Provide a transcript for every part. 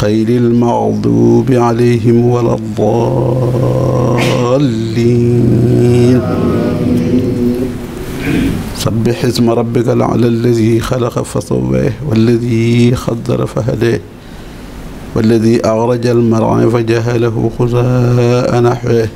xayri almaxdubi alayhim wala daalliin sabbix isma rabbika al-a'laa allazii xalaqa fa sawwaa wallazii qaddara fa hadaa wallazii axraja al-mar'aa fa ja'alahu ghusaa'an nahwaa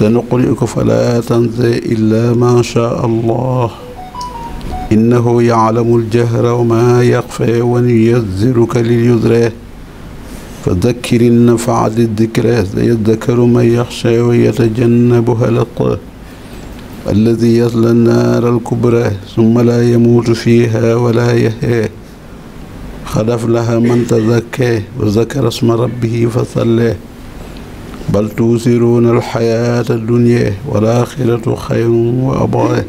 sanuqri'uka falaa tansaa illaa maa shaa allaah innahu yaalamu aljahra wa maa yaxfee wa nuyazziruka lilyusra fa dakkir in nafaati dikra sayaddakkaru man yaxsha wa yatajannabuha al-atqaa allazii yaslaa an-naara al-kubraa summa laa yamuutu fiihaa wa laa yahyaa qad aflaha man tazakkaa wa zakara isma rabbihi fa sallaa bal tu'thiruuna al-hayaata ad-dunyaa wal-aaxiratu xayrun wa abqaa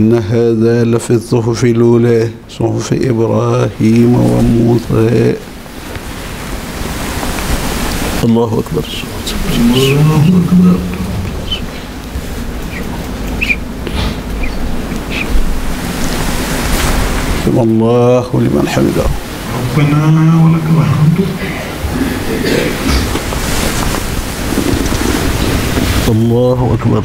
inna hada la fi suhufi luulee suhufi ibrahima wa muusa allahu akbar sami allahu liman hamida rabbana wa lakal hamdu allahu akbar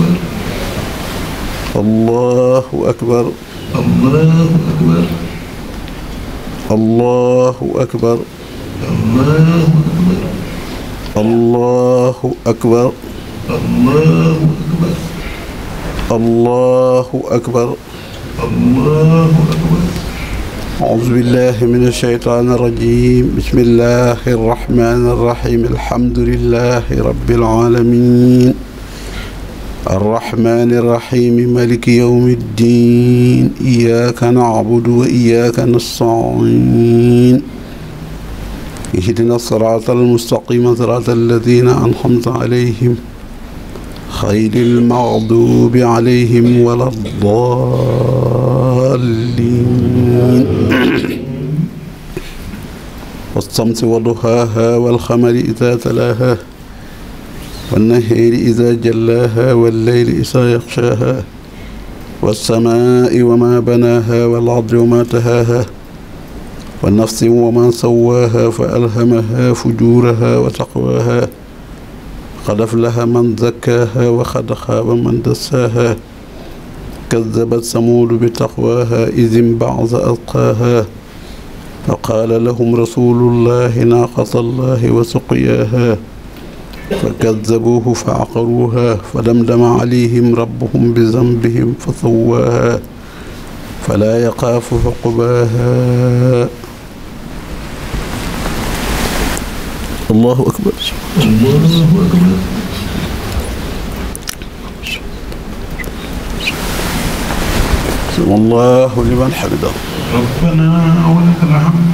allahu akbar allahu akbar allahu akbar allahu akbar allahu akbar أعوذ بالله من الشيطان الرجيم بسم الله الرحمن الرحيم الحمد لله رب العالمين الرحمن الرحيم ملك يوم الدين إياك نعبد وإياك نستعين اهدنا الصراط المستقيم صراط الذين أنعمت عليهم خير المغضوب عليهم ولا الضالين والشمس وضحاها والقمر إذا تلاها والنهر إذا جلاها والليل إذا يغشاها والسماء وما بناها والعضل وما تهاها والنفس وما سواها فألهمها فجورها وتقواها قد أفلح من زكاها وقد خاب من دساها كذبت ثمود بتقواها إذ انبعث ألقاها فقال لهم رسول الله ناقة الله وسقياها fa kaddabuuhu fa aqaruuha fa damdama alayhim rabbuhum bi zambihim fa sawwaaha falaa yaxaafu uqbaaha allahu akbar sami allahu liman hamidah rabbana wa lakal hamd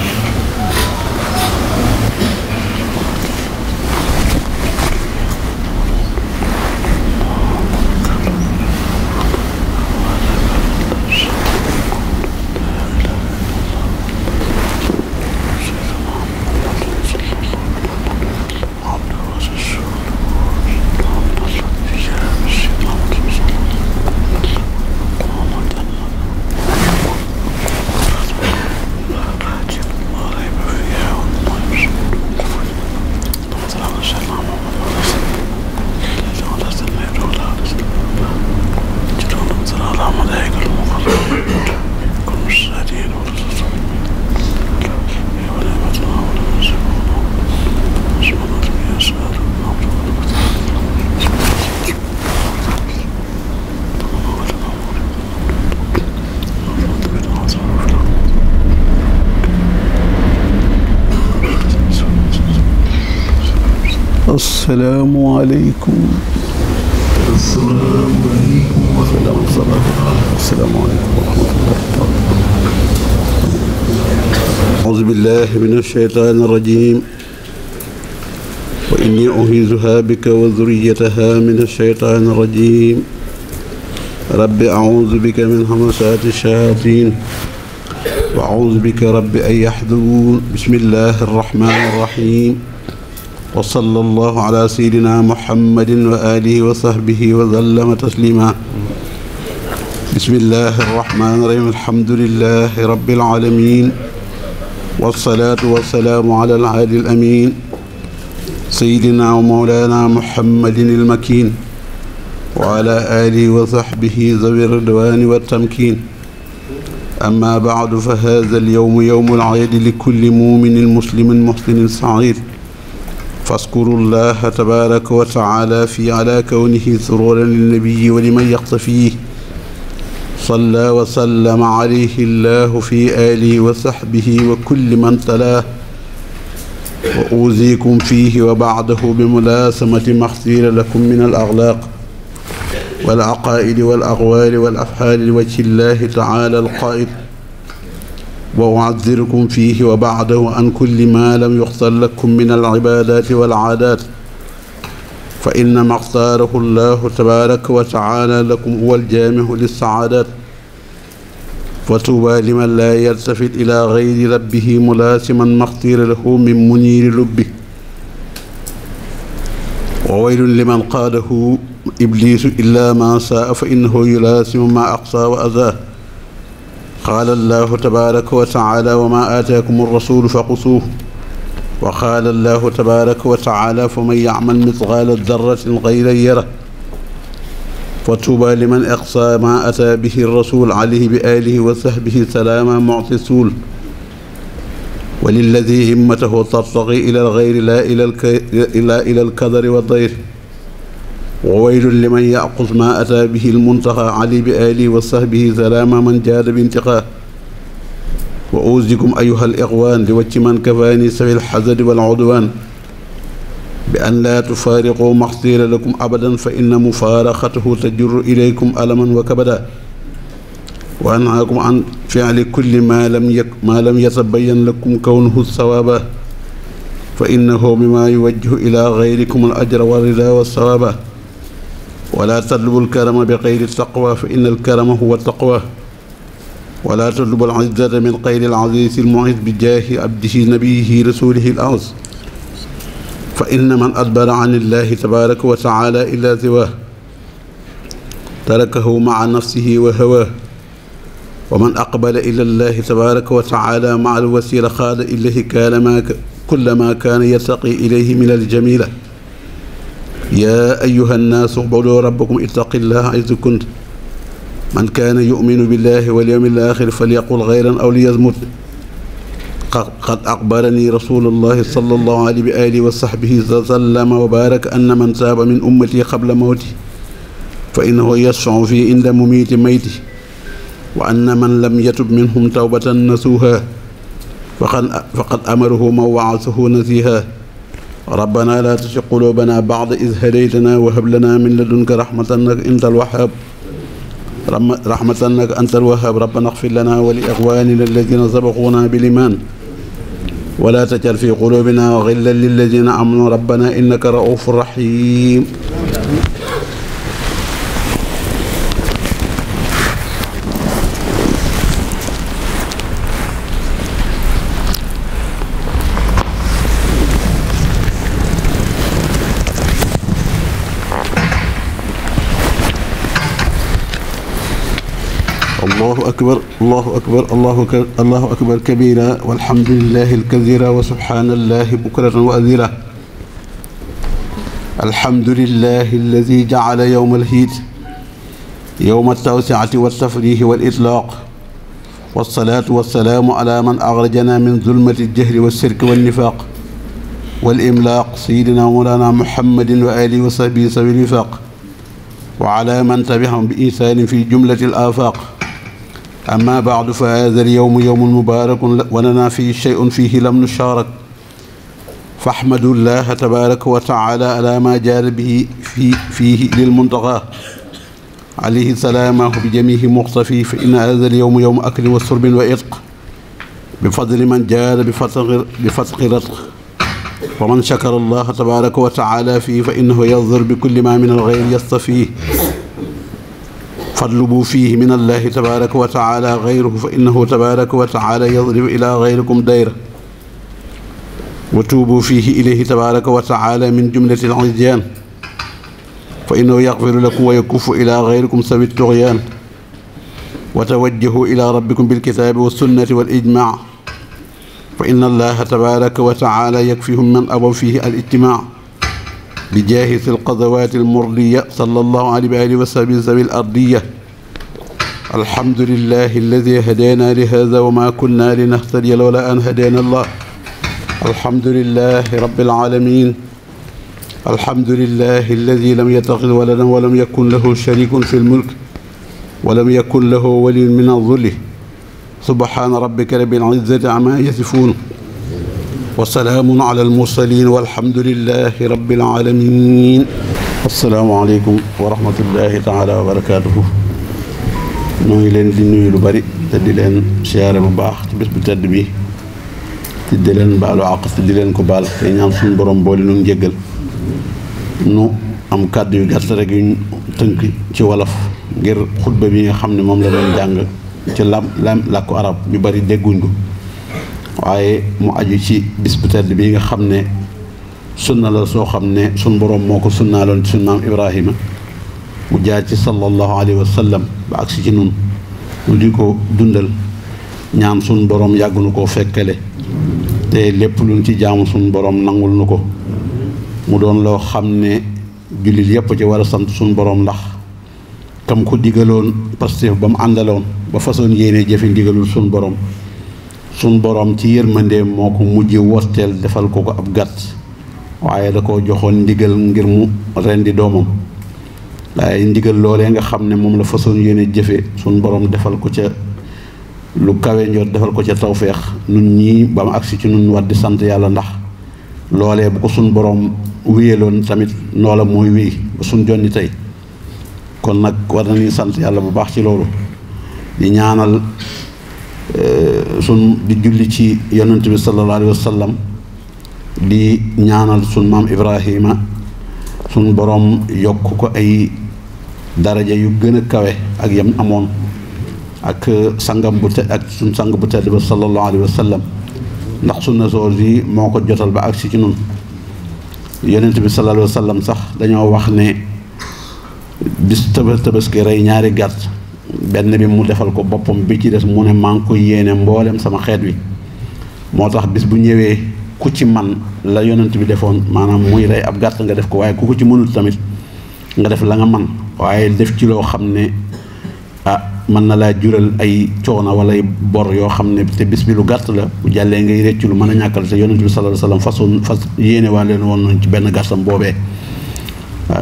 assalaamu aleykum أعوذ بالله من الشيطان الرجيم وإني أعيذها بك وذريتها من الشيطان الرجيم رب أعوذ بك من همسات الشياطين وأعوذ بك رب أن يحضرون بسم الله الرحمن الرحيم wa sallallahu ala sayyidina muhammadin wa alihi wa sahbihi wa sallama taslima bismillahi arrahmani irrahim alhamdulilahi rabbil alamin wasalaatu wasalaamu ala alhaadi alamin sayyidina wa mawlana muhammadin almakin wa ala alihi wa sahbihi zawi ridwani wa tamkin amma baadu fa haada alyowmu yowmu alcaydi likulli muminin muslimin muxsinin saciid فاذكروا الله تبارك وتعالى في على كونه سرورا للنبي ولمن يقتفيه صلى وسلم عليه الله في آله وصحبه وكل من تلاه وأوزيكم فيه وبعده بملاسمة ما اختير لكم من الأغلاق والعقائد والأغوال والأفعال لوجه الله تعالى القائد wa u'azzirukum fiihi wa ba'dahu an kulli maa lam yuxtar lakum min al-ibaadaati wal-'aadaat fa inna maa xtaarahu llaahu tabaaraka wa ta'aalaa lakum huwa al-jaami'u lis-sa'aadaat fa tuubaa liman laa yaltafit ilaa ghayri rabbihi mulaasiman maa xtiira lahu min muniiri lubbihi wa waylun liman qaadahu ibliisu illaa maa saa'a fa innahu yulaasimu maa aqsaa wa azaahu qaala allahu tabaaraka wa taala wa maa aataakum arrasulu fa qusuuh wa qaala allahu tabaaraka wa taala fa man yacmal mitqaala darratin xayran yara fa tuuba liman aqsaa maa ataa bihi rrasul alayhi bi aalihi wa sahbihi salaama muti suul wa lilladi himmatahu tartaxi ila alxayri laa ila alkadari wa dayri wa waylun liman yaxus maa ataa bihi almuntaxaa ali bi alihi wa sahbihi salaama man jaada bi intiqaa wa uusikum ayuha al ixwaan li wacci man kafaani sawi alxasadi wal udwaan bi an laa tufaariquu maxsiira lakum abadan fa inna mufaaraxatahu tajurru ilaykum alaman wa kabada wa anhaakum an fi'li kulli maa lam yak maa lam yatabayan lakum kawnuhu sawaaba fa innahu mimmaa yuwajjihu ilaa gayrikum al ajra wa ridaa wa sawaaba wala tatlubul karama bi xayri taqwa fa inna alkarama huwa taqwa wala tatlubul izzata min xayri alazizi almuiz bi jaahi abdihi nabiyihi rasulihi alaz fa inna man adbara an illahi tabaraka wa taala illa siwah tarakahu maa nafsihi wa hawaa wa man aqbala ila llahi tabaraka wa taala maa alwasila xaada ilayhi kaalamaa kullamaa kaana yartaqi ilayhi min aljamila يا أيها الناس اعبدوا ربكم اتقوا الله حيث كنت من كان يؤمن بالله واليوم الآخر فليقل خيرا أو ليصمت قد أخبرني رسول الله صلى الله عليه وآله وصحبه وسلم وبارك أن من تاب من أمتي قبل موته فإنه يشفع في عند مميت ميته وأن من لم يتب منهم توبة نسوها فقد أمره من وعثه نسيها rabbana laa tusi quluubana baada id hadaytana wa hab lana min ladunka raxmatan naka antal wahaab raxmatan naka antal wahaab rabbana axfir lana wa li ixwanina alladina sabaquuna bil iman wala tajal fi quluubina gillan lilladina amanu rabbana innaka raufur rahim akbar allahu akbar allahu akbar allahu akbar kabira walhamdulilahi alkazira wa subhanallahi bukratan wa azira alhamdulilahi alladi jacala yowma alhiid yowma altawsiati waltafrihi walitlaq walsalaatu walsalaamu ala man axrajana min zulmati aljahli walsirki walnifaaq walimlaaq sayidina mawlana muhammadin wa alihi wa sahbihi sawi nifaq wa ala man tabiahum bi ihsaanin fi jumlati alafaaq أما بعد فهذا اليوم يوم مبارك ولنا فيه شيء فيه لم نشارك فاحمدوا الله تبارك وتعالى على ما جار به في فيه للمنتقى عليه سلامه بجميع مقتفي فإن هذا اليوم يوم أكل وشرب وإطق بفضل من جار بفتق, بفتق رتق ومن شكر الله تبارك وتعالى فيه فإنه يظهر بكل ما من الغير يصطفيه فاطلبوا فيه من الله تبارك وتعالى غيره فإنه تبارك وتعالى يضرب إلى غيركم ديره وتوبوا فيه إليه تبارك وتعالى من جملة العصيان فإنه يغفر لكم ويكف إلى غيركم سبيل الطغيان وتوجهوا إلى ربكم بالكتاب والسنة والإجماع فإن الله تبارك وتعالى يكفيهم من أبوا فيه الاجتماع bi jaahi fi lqadawaati almurdiya sallallahu alayhi wa alihi wa sahbihi zawi lardiya alhamdulillahi alladi hadaana li hada wa ma kunna linahtadiya lawla an hadaana allah alhamdulillahi rabbil alamin alhamdulillahi alladi lam yattaxid waladan wa lam yakun lahu sharikun fi lmulk wa lam yakun lahu waliyun min adulli subhaana rabbika rabbil izzati amma yasifuun wasalaamun ala almursalin walhamdulilahi rabbil alamin asalaamaaleykum wa rahmatullahi taala wa barakatuhu ngi leen di nuyu lu bari te di leen siyaare bu baax ci bés bu tedd bi te di leen baalu àq te di leen ko baal te ñaan suñu borom boole nu jéggal nu am kàddu yu gàtt rek yuñ tënk ci wolof ngir xutba bi nga xam ni moom la doon jàng ci lam lam làkku ñu bari dégguñ ko waaye mu aju ci bis bu bi nga xam ne sunna la soo xam ne sun boroom moo ko sunnaaloon ci sunnaam Ibrahima mu jaar ci sallallahu alayhi wa sallam ba agsi ci nun mu di ko dundal ñaan sun boroom yàgg nu koo fekkale te lépp luñ ci jaamu sun boroom nangul nu ko mu doon loo xam ne jullit yépp ci war a sant sun boroom ndax kam ko digaloon Pastef ba mu àndaloon ba façon yéene jëfe ndigalul sun boroom suñ boroom ci yërmandeem moo ko mujj worteel defal ko ko ab gàtt waaye da koo joxoon ndigal ngir mu ren di doomam waaye ndigal loolee nga xam ne moom la façon yéene jëfe suñ boroom defal ko ca lu kawe njot defal ko ca tawféex nun ñii ba mu agsi ci nun war di sant yàlla ndax loolee bu ko suñ boroom wéyeloon tamit noola mooy wéy ba suñ jonni tey kon nag war nañuy sant yàlla bu baax ci loolu di ñaanal Euh, sun di julli ci yonent bi sallallahu alayhi di ñaanal sun maam Ibrahima sun borom yokk ko ay daraja yu gën a kawe ak yam amoon ak sangam bu te ak sun sang bu tedd ba sallallahu alayhi wa sallam ndax sunna soor yi moo ko jotal ba ak agsi ci nun yonent bi sallallahu alayhi sax dañoo wax ne bis tëbës tëbës ki rey ñaari gàtt benn bi mu defal ko boppam bi ci des mu ne maa ngi koy yéene mboolem sama xeet wi moo tax bis bu ñëwee ku ci man la yonent bi defoon maanaam muy rey ab gàtt nga def ko waaye ku ko ci mënul tamit nga def la nga man waaye def ci loo xam ne ah mën na laa jural ay coono wala ay bor yoo xam ne te bis bi lu gàtt la bu jàllee ngay réccu lu mën a ñàkkal te yonent bi sallallahu alayhi wasallam façon fas yéene waa leen woon nañ ci benn gàttam boobee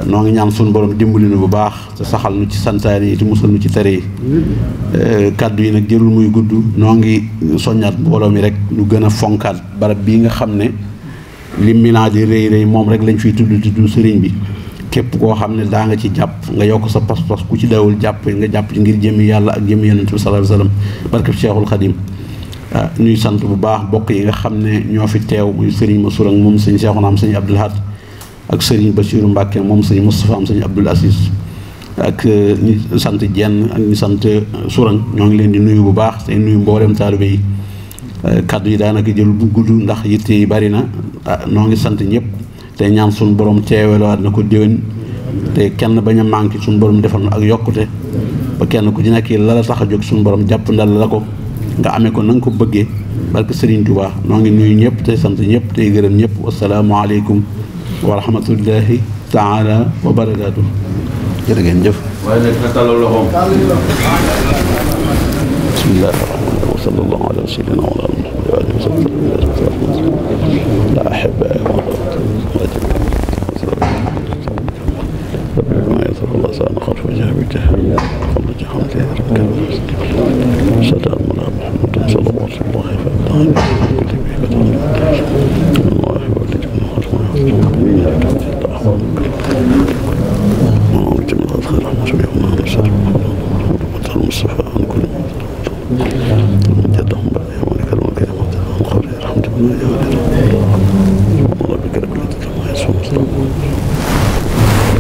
noo ngi ñaan suñu borom dimbali nu bu baax te saxal nu ci santaane yi te musal nu ci tere yi euh, kàddu yi nag jërul muy gudd noo ngi soññaat mbooloo mi rek nu gën a fonkaat barab bii nga xam ne li Milan di rëy rëy moom rek lañ fiy tudd tudd sëriñ bi képp koo xam ne daa nga ci jàpp nga yokk sa pas-pas ku ci dawul jàpp nga jàpp ci ngir jëmmi yàlla ak jëmi yonent bi sallallahu alayhi wasallam barkeb Cheikhul Khadim ah, ñuy sant bu baax bokk yi nga xam ne ñoo fi teew muy sëriñ Mansour moom sëñ Cheikhouna am sëñ Abdoul Ahad ak ba Bachir Mbacke moom sëñ Moustapha am sëñ Abdoul Aziz ak euh, sant jenn ak sant euh, suran ñoo ngi leen di nuyu bu baax tey nuyu mboolem taalibe yi euh, kaddu yi daanaka jël bu gudd ndax yitte yi bari na ah, noo ngi sant ñëpp tey ñaan suñu borom teewelaat na ko déwén te kenn bañ a manqué suñu borom defal na ak yokkute ba kenn ku ci nekk la la tax a jóg suñu borom jàpp ndal la ko nga amee ko na ko bëggee barke Serigne Touba noo ngi nuyu ñëpp tey sant ñëpp tey gërëm ñëpp wasalaamualeykum wa rahmatullahi taala wa barakaatu jërë ngeen jëf waaye nag na tàllal loxoom bismillahi rahmani rahim wa sallallahu ala sayyidina wa ala alihi wa sahbihi la ahaba wa اللهم جمع الخير وجميعنا على شر محمد المصطفى عن كل من جدهم بعد يوم القيامة الحمد لله